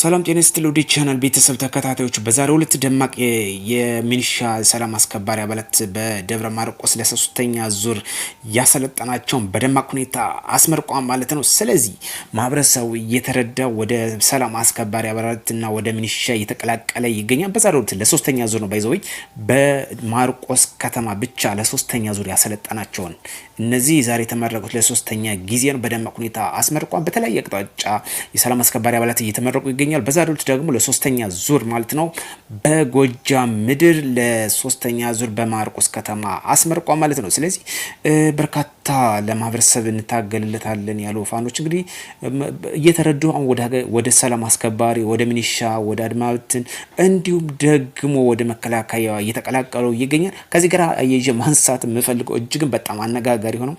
ሰላም ጤና ስትል ወደ ቻናል ቤተሰብ ተከታታዮች በዛሬ ሁለት ደማቅ የሚኒሻ ሰላም አስከባሪ አባላት በደብረ ማርቆስ ለሶስተኛ ዙር ያሰለጠናቸውን በደማቅ ሁኔታ አስመርቋ ማለት ነው። ስለዚህ ማህበረሰቡ እየተረዳ ወደ ሰላም አስከባሪ አባላትና ወደ ሚኒሻ እየተቀላቀለ ይገኛል። በዛሬ ሁለት ለሶስተኛ ዙር ነው ባይዘወይ በማርቆስ ከተማ ብቻ ለሶስተኛ ዙር ያሰለጠናቸውን እነዚህ ዛሬ የተመረቁት ለሶስተኛ ጊዜ ነው። በደማቅ ሁኔታ አስመርቋ በተለያየ አቅጣጫ የሰላም አስከባሪ አባላት እየተመረቁ ይገኛል። ይገኛል። በዛሬው ዕለት ደግሞ ለሶስተኛ ዙር ማለት ነው በጎጃም ምድር ለሶስተኛ ዙር በማርቆስ ከተማ አስመርቋ ማለት ነው። ስለዚህ በርካታ በርታ ለማህበረሰብ እንታገልለታለን ያሉ ፋኖች እንግዲህ እየተረዱ አሁን ወደ ሰላም አስከባሪ ወደ ሚኒሻ ወደ አድማብትን እንዲሁም ደግሞ ወደ መከላከያ እየተቀላቀለው ይገኛል። ከዚህ ጋር አያይዤ ማንሳት የምፈልገው እጅግን በጣም አነጋጋሪ ሆነው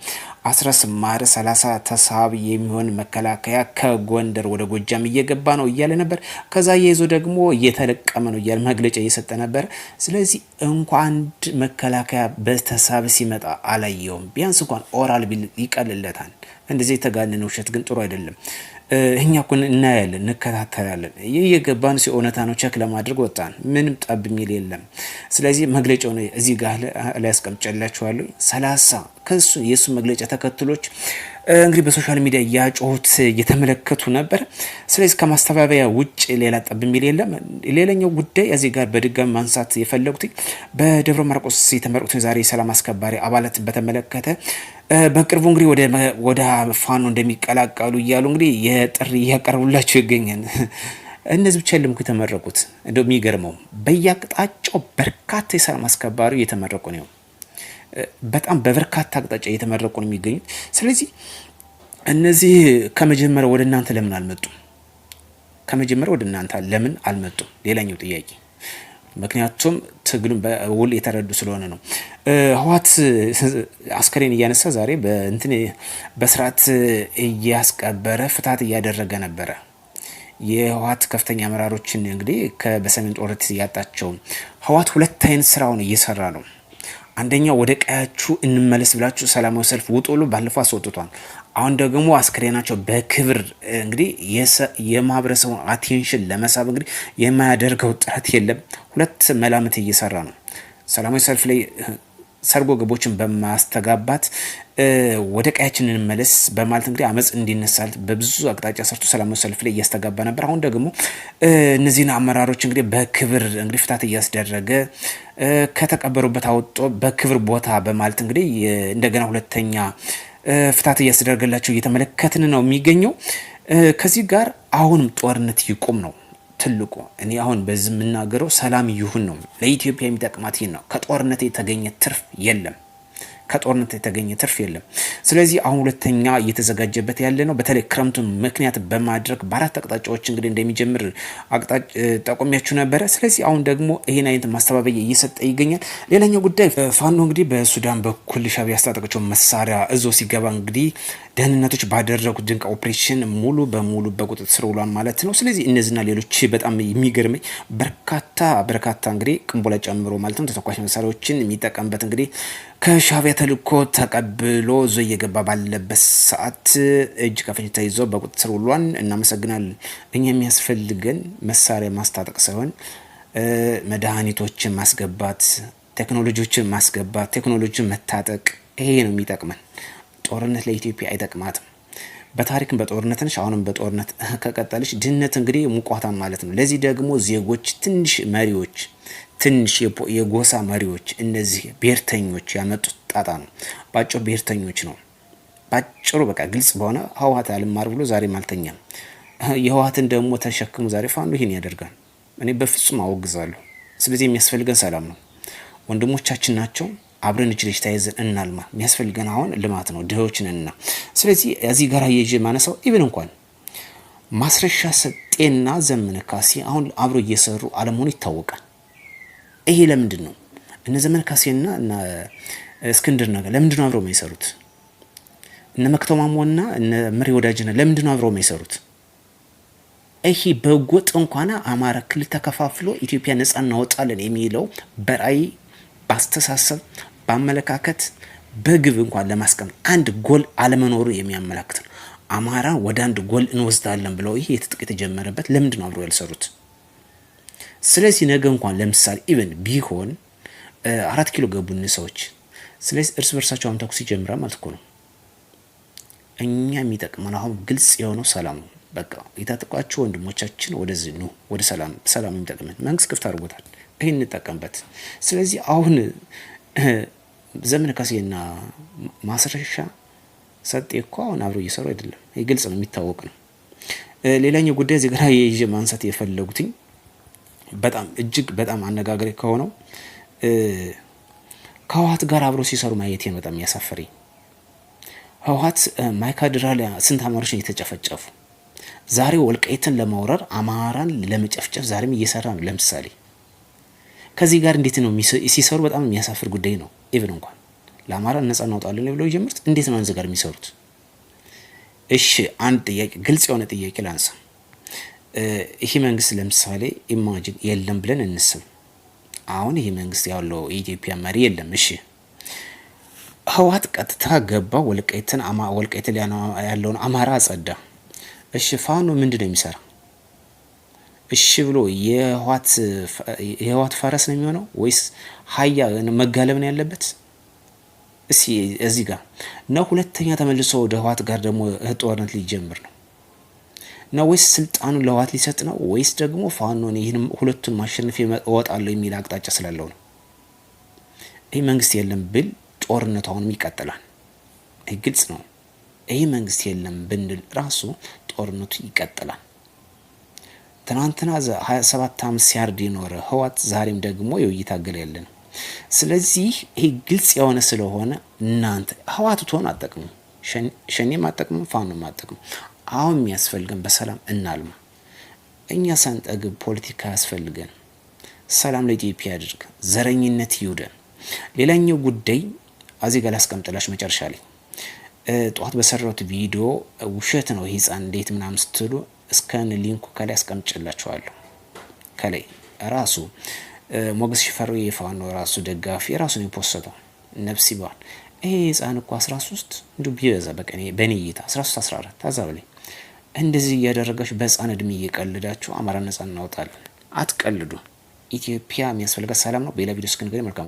አስረስ ማረ ሰላሳ ተሳቢ የሚሆን መከላከያ ከጎንደር ወደ ጎጃም እየገባ ነው እያለ ነበር። ከዛ የይዞ ደግሞ እየተለቀመ ነው እያለ መግለጫ እየሰጠ ነበር። ስለዚህ እንኳ አንድ መከላከያ በተሳብ ሲመጣ አላየውም ቢያንስ እንኳን ይቆራል ቢል ይቀልለታል። እንደዚህ የተጋነነ ውሸት ግን ጥሩ አይደለም። እኛ እኮ እናያለን፣ እንከታተላለን። ይህ የገባን እውነታ ነው። ቸክ ለማድረግ ወጣን። ምንም ጠብ የሚል የለም። ስለዚህ መግለጫው እዚህ ጋር ላይ አስቀምጨላችኋለሁ። ሰላሳ ከሱ የእሱ መግለጫ ተከትሎች እንግዲህ በሶሻል ሚዲያ እያጮሁት እየተመለከቱ ነበር። ስለዚህ ከማስተባበያ ውጭ ሌላ ጠብ የሚል የለም። ሌላኛው ጉዳይ እዚህ ጋር በድጋሚ ማንሳት የፈለጉት በደብረ ማርቆስ የተመረቁትን ዛሬ ሰላም አስከባሪ አባላት በተመለከተ በቅርቡ እንግዲህ ወደ ፋኖ እንደሚቀላቀሉ እያሉ እንግዲህ የጥሪ እያቀረቡላቸው ይገኛል። እነዚህ ብቻ ልምኩ የተመረቁት የሚገርመው በየአቅጣጫው በርካታ የሰላም አስከባሪ እየተመረቁ ነው። በጣም በበርካታ አቅጣጫ እየተመረቁ ነው የሚገኙት። ስለዚህ እነዚህ ከመጀመሪያ ወደ እናንተ ለምን አልመጡም? ከመጀመሪያ ወደ እናንተ ለምን አልመጡም? ሌላኛው ጥያቄ ምክንያቱም ትግሉን በውል የተረዱ ስለሆነ ነው። ህወሓት አስከሬን እያነሳ ዛሬ በእንትን በስርዓት እያስቀበረ ፍትሀት እያደረገ ነበረ። የህወሓት ከፍተኛ አመራሮችን እንግዲህ በሰሜን ጦርነት ያጣቸው ህወሓት ሁለት አይነት ስራውን እየሰራ ነው። አንደኛው ወደ ቀያችሁ እንመለስ ብላችሁ ሰላማዊ ሰልፍ ውጡሉ ባለፈው አስወጥቷል። አሁን ደግሞ አስክሬናቸው በክብር እንግዲህ የማህበረሰቡን አቴንሽን ለመሳብ እንግዲህ የማያደርገው ጥረት የለም። ሁለት መላምት እየሰራ ነው ሰላማዊ ሰልፍ ላይ ሰርጎ ገቦችን በማስተጋባት ወደ ቀያችን እንመለስ በማለት እንግዲህ አመፅ እንዲነሳል በብዙ አቅጣጫ ሰርቶ ሰላማዊ ሰልፍ ላይ እያስተጋባ ነበር። አሁን ደግሞ እነዚህን አመራሮች እንግዲህ በክብር እንግዲህ ፍታት እያስደረገ ከተቀበሩበት አወጦ በክብር ቦታ በማለት እንግዲህ እንደገና ሁለተኛ ፍታት እያስደረገላቸው እየተመለከትን ነው የሚገኘው። ከዚህ ጋር አሁንም ጦርነት ይቁም ነው ትልቁ እኔ አሁን በዚህ የምናገረው ሰላም ይሁን ነው። ለኢትዮጵያ የሚጠቅማት ይህን ነው። ከጦርነት የተገኘ ትርፍ የለም። ከጦርነት የተገኘ ትርፍ የለም። ስለዚህ አሁን ሁለተኛ እየተዘጋጀበት ያለ ነው። በተለይ ክረምቱን ምክንያት በማድረግ በአራት አቅጣጫዎች እንግዲህ እንደሚጀምር አቅጣጫ ጠቆሚያችሁ ነበረ። ስለዚህ አሁን ደግሞ ይህን አይነት ማስተባበያ እየሰጠ ይገኛል። ሌላኛው ጉዳይ ፋኖ እንግዲህ በሱዳን በኩል ሻዕቢያ ያስታጠቀቸው መሳሪያ እዞ ሲገባ እንግዲህ ደህንነቶች ባደረጉት ድንቅ ኦፕሬሽን ሙሉ በሙሉ በቁጥጥር ስር ውሏል ማለት ነው። ስለዚህ እነዚህና ሌሎች በጣም የሚገርመኝ በርካታ በርካታ እንግዲህ ቅንቦላ ጨምሮ ማለት ነው ተተኳሽ መሳሪያዎችን የሚጠቀምበት እንግዲህ ከሻዕቢያ ተልኮ ተቀብሎ ዞ እየገባ ባለበት ሰዓት እጅ ከፍንጅ ተይዞ በቁጥጥር ውሏን እናመሰግናለን። እኛ የሚያስፈልገን መሳሪያ ማስታጠቅ ሳይሆን መድኃኒቶችን ማስገባት፣ ቴክኖሎጂዎችን ማስገባት፣ ቴክኖሎጂን መታጠቅ፣ ይሄ ነው የሚጠቅመን። ጦርነት ለኢትዮጵያ አይጠቅማትም። በታሪክም በጦርነት ነች፣ አሁንም በጦርነት ከቀጠለች ድህነት እንግዲህ ሙቋታ ማለት ነው። ለዚህ ደግሞ ዜጎች ትንሽ መሪዎች ትንሽ የጎሳ መሪዎች እነዚህ ብሔርተኞች ያመጡት ጣጣ ነው። በአጭሩ ብሄርተኞች ነው። በአጭሩ በቃ ግልጽ በሆነ ህወሀት አልማር ብሎ ዛሬም አልተኛም። የህወሀትን ደግሞ ተሸክሙ ዛሬ ፋኖ ይህን ያደርጋል። እኔ በፍጹም አወግዛለሁ። ስለዚህ የሚያስፈልገን ሰላም ነው። ወንድሞቻችን ናቸው። አብረን እጅ ለእጅ ተያይዘን እናልማ። የሚያስፈልገን አሁን ልማት ነው። ድሆችን እና ስለዚህ እዚህ ጋር የጅ ማነሳው ኢብን እንኳን ማስረሻ ሰጤና ዘመነ ካሴ አሁን አብሮ እየሰሩ አለመሆኑ ይታወቃል። ይሄ ለምንድን ነው እነ ዘመነ ካሴና እና እስክንድር ነገር ለምንድነው አብረው የማይሰሩት? እነ መክተማሞና እነ ምሬ ወዳጅነ ለምንድነው አብረው የማይሰሩት? ይሄ በጎጥ እንኳን አማራ ክልል ተከፋፍሎ ኢትዮጵያ ነጻ እናወጣለን የሚለው በራዕይ በአስተሳሰብ በአመለካከት በግብ እንኳን ለማስቀመጥ አንድ ጎል አለመኖሩ የሚያመላክት ነው። አማራ ወደ አንድ ጎል እንወስዳለን ብለው ይሄ የትጥቅ የተጀመረበት ለምንድን ነው አብሮ ያልሰሩት? ስለዚህ ነገ እንኳን ለምሳሌ ኢቨን ቢሆን አራት ኪሎ ገቡን ሰዎች ስለዚህ እርስ በርሳቸው አሁን ተኩስ ይጀምራል ማለት እኮ ነው። እኛ የሚጠቅመን አሁን ግልጽ የሆነው ሰላም በቃ የታጠቋቸው ወንድሞቻችን ወደዚህ ኑ፣ ወደ ሰላም ሰላም የሚጠቅመን መንግስት ክፍት አድርጎታል። ይህ እንጠቀምበት። ስለዚህ አሁን ዘመነ ከሴና ማስረሻ ሰጤ እኮ አሁን አብረው እየሰሩ አይደለም። ይህ ግልጽ ነው፣ የሚታወቅ ነው። ሌላኛው ጉዳይ እዚህ ጋር ይዤ ማንሳት የፈለጉትኝ በጣም እጅግ በጣም አነጋገሪ ከሆነው ከህወሀት ጋር አብሮ ሲሰሩ ማየት ነው በጣም ያሳፈረኝ። ህወሀት ማይካድራ ስንት አማሮች ነው የተጨፈጨፉ? ዛሬ ወልቃይትን ለማውረር አማራን ለመጨፍጨፍ ዛሬም እየሰራ ነው። ለምሳሌ ከዚህ ጋር እንዴት ነው ሲሰሩ? በጣም የሚያሳፍር ጉዳይ ነው። ኢቭን እንኳን ለአማራ ነጻ እናውጣለን ብለው ጀምርት እንዴት ነው አንዚ ጋር የሚሰሩት? እሺ አንድ ጥያቄ፣ ግልጽ የሆነ ጥያቄ ላንሳ። ይህ መንግስት ለምሳሌ ኢማጂን የለም ብለን እንስም አሁን ይህ መንግስት ያለው የኢትዮጵያ መሪ የለም። እሺ ህወሓት ቀጥታ ገባ፣ ወልቃይትን ወልቃይትን ያለውን አማራ አጸዳ። እሺ ፋኖ ምንድን ነው የሚሰራ? እሺ ብሎ የህዋት ፈረስ ነው የሚሆነው ወይስ ሀያ መጋለብ ነው ያለበት? እዚህ ጋር ነው። ሁለተኛ ተመልሶ ወደ ህወሓት ጋር ደግሞ ጦርነት ሊጀምር ነው። ነው ወይስ ስልጣኑን ለዋት ሊሰጥ ነው ወይስ ደግሞ ፋኖን ይህን ሁለቱን ማሸነፍ እወጣለሁ የሚል አቅጣጫ ስላለው ነው። ይህ መንግስት የለም ብል ጦርነቱ አሁንም ይቀጥላል። ይህ ግልጽ ነው። ይህ መንግስት የለም ብንል ራሱ ጦርነቱ ይቀጥላል። ትናንትና 27 ዓመት ሲያርድ የኖረ ህዋት ዛሬም ደግሞ የው እየታገለ ያለ ነው። ስለዚህ ይሄ ግልጽ የሆነ ስለሆነ እናንተ ህወሓት ትሆን አጠቅሙ ሸኔም አጠቅሙ ፋኖም አጠቅሙ አሁን የሚያስፈልገን በሰላም እናልማ። እኛ ሳንጠግብ ፖለቲካ ያስፈልገን። ሰላም ለኢትዮጵያ ያድርግ፣ ዘረኝነት ይውደን። ሌላኛው ጉዳይ አዜ አዜጋ ላስቀምጥላችሁ መጨረሻ ላይ ጠዋት በሰራሁት ቪዲዮ ውሸት ነው ህፃን እንዴት ምናምን ስትሉ እስከን ሊንኩ ከላይ አስቀምጭላችኋለሁ። ከላይ ራሱ ሞገስ ሽፈሩ የፋኖ ራሱ ደጋፊ ራሱ ነው የፖሰተው ነብስ ይበዋል። ይሄ ህፃን እኮ 13 እንዲሁ ቢበዛ በቀን በኔ እይታ 13 14 ታዛ በላይ እንደዚህ እያደረገች በህፃን እድሜ እየቀልዳችሁ አማራ ነጻ እናወጣለን። አትቀልዱ። ኢትዮጵያ የሚያስፈልጋት ሰላም ነው። በሌላ ቪዲዮ እስክንገናኝ መልካም